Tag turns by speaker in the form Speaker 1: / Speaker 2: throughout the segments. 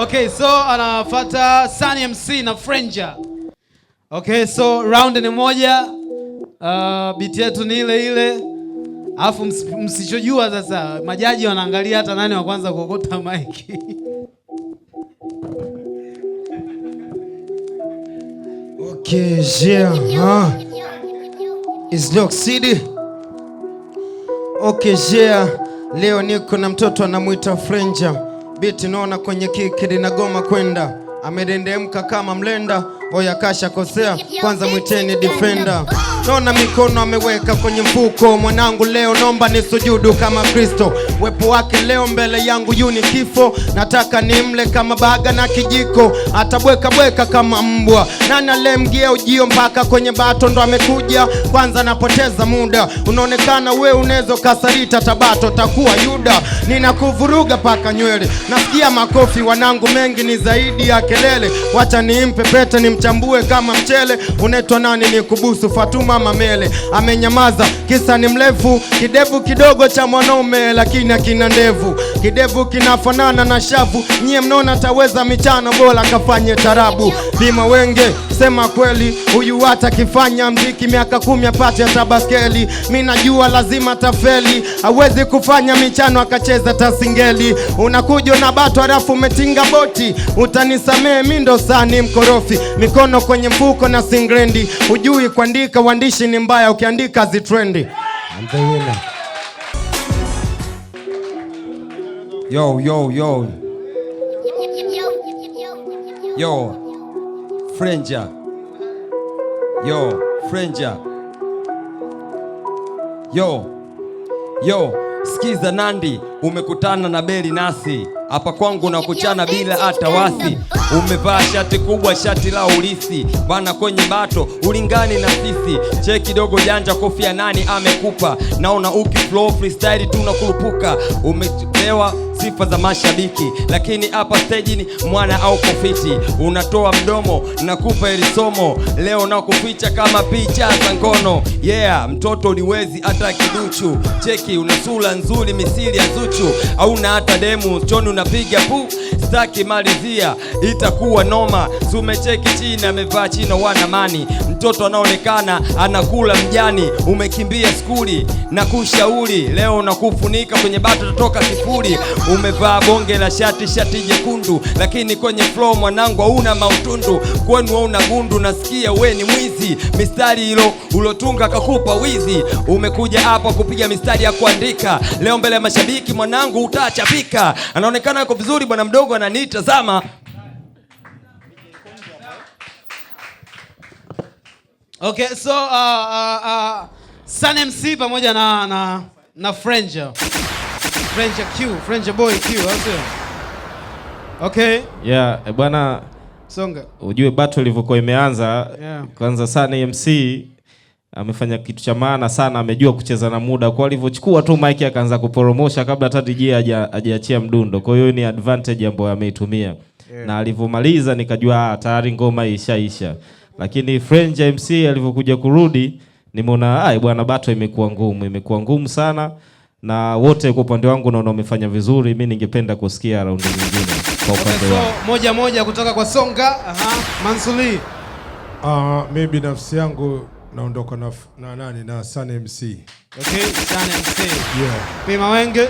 Speaker 1: Okay, so anafata Sunny MC na Frenja. Okay, so round ni moja. Uh, biti yetu ni ile ile. Alafu msichojua sasa majaji wanaangalia hata nani wa kwanza kuokota maiki. Okay, yeah. Huh? Is New City? Okay, yeah. Leo niko na mtoto anamwita Frenja. Biti naona kwenye kiki linagoma kwenda. Amedendemka kama mlenda. Oya kasha kosea. Kwanza mwiteni defender. Naona mikono ameweka kwenye mfuko, mwanangu, leo nomba ni sujudu kama Kristo. Wepo wake leo mbele yangu yu ni kifo, nataka nimle kama baga na kijiko, atabwekabweka kama mbwa. Nani alemgia ujio mpaka kwenye bato ndo amekuja? Kwanza napoteza muda, unaonekana we unezo kasarita Tabato, takuwa Yuda, ninakuvuruga paka nywele. Nasikia makofi wanangu, mengi ni zaidi ya kelele. Wacha nimpe pete nimchambue kama mchele. Unaitwa nani? Nikubusu Fatuma amesimama mbele, amenyamaza. Kisa ni mrefu, kidevu kidogo cha mwanaume, lakini akina ndevu. Kidevu kinafanana na shavu, nyie mnaona taweza michano, bora kafanye tarabu. Bima Wenge kusema kweli, huyu hata kifanya mziki miaka kumi apate tabaskeli, mi najua lazima tafeli, hawezi kufanya michano akacheza tasingeli. Unakuja na bato halafu umetinga boti, utanisamee mi ndo sani mkorofi, mikono kwenye mfuko na singrendi, hujui kuandika, uandishi ni mbaya, ukiandika zitrendi. Yo, yo, yo. Yo. Frenja. Yo, Frenja. Yo. Yo, skiza Nandi, umekutana na Beli nasi hapa kwangu na kuchana bila hata wasi. Umevaa shati kubwa, shati la ulisi bana, kwenye bato ulingani na sisi. Che kidogo janja, kofia nani amekupa? Naona uki flow freestyle, tuna umepewa sifa za mashabiki, lakini hapa stejini mwana au kufiti, unatoa mdomo na kupa hili somo leo na kuficha kama picha za ngono. Yeah, mtoto niwezi hata kiduchu, cheki una sura nzuri misili ya Zuchu, auna hata demu choni unapiga pu staki malizia itakuwa noma, sumecheki chini amevaa chino wanamani, mtoto anaonekana anakula mjani, umekimbia skuli na kushauri leo nakufunika kwenye bato tatoka kifuri, Umevaa bonge la shati shati jekundu, lakini kwenye flow mwanangu hauna mautundu. Kwenu hauna gundu, nasikia we ni mwizi. Mistari ilo ulotunga kakupa wizi. Umekuja hapa kupiga mistari ya kuandika, leo mbele ya mashabiki mwanangu utachapika. Anaonekana yuko vizuri, bwana mdogo ananitazama
Speaker 2: Okay, so uh, uh, uh, Sun MC pamoja na na na French Q, French boy Q, au Okay.
Speaker 3: Yeah, e bwana Songa. Ujue battle ilivyokuwa imeanza yeah. Kwanza sana MC amefanya kitu cha maana sana, amejua kucheza na muda, kwa alivyochukua tu mic akaanza kuporomosha kabla hata DJ hajaachia mdundo. Kwa hiyo ni advantage ambayo ameitumia yeah. Na alivyomaliza nikajua ah, tayari ngoma ishaisha, lakini French MC alivyokuja kurudi nimeona ah, bwana, battle imekuwa ngumu, imekuwa ngumu sana na wote kwa upande wangu naona umefanya vizuri. Mimi ningependa kusikia raundi nyingine kwa upande
Speaker 2: wangu. Moja moja kutoka kwa Songa. Aha, Mansuri.
Speaker 4: Ah, uh, mimi binafsi yangu naondoka na na nani na Sun MC.
Speaker 2: Okay, Sun MC. Yeah. Pima Wenge.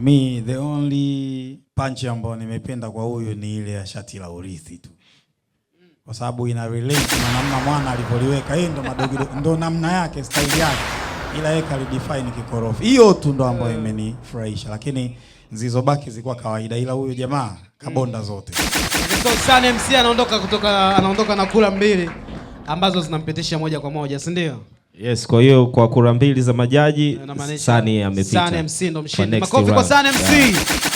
Speaker 5: Mi the only punch ambayo nimependa kwa huyu ni ile ya shati la urithi tu kwa sababu ina relate na namna mwana alivyoliweka. Hii ndo madogo ndo namna yake, style yake ila yeye kalidefine kikorofi. Hiyo tu ndo ambayo eh. imenifurahisha, lakini zilizobaki zilikuwa kawaida, ila huyo jamaa kabonda zote.
Speaker 2: MC anaondoka kutoka anaondoka na kura mbili ambazo zinampitisha moja kwa moja, si ndio?
Speaker 3: Yes, kwa hiyo kwa kura mbili za majaji Sani amepita.
Speaker 2: Sani MC ndo mshindi. Makofi kwa Sani MC.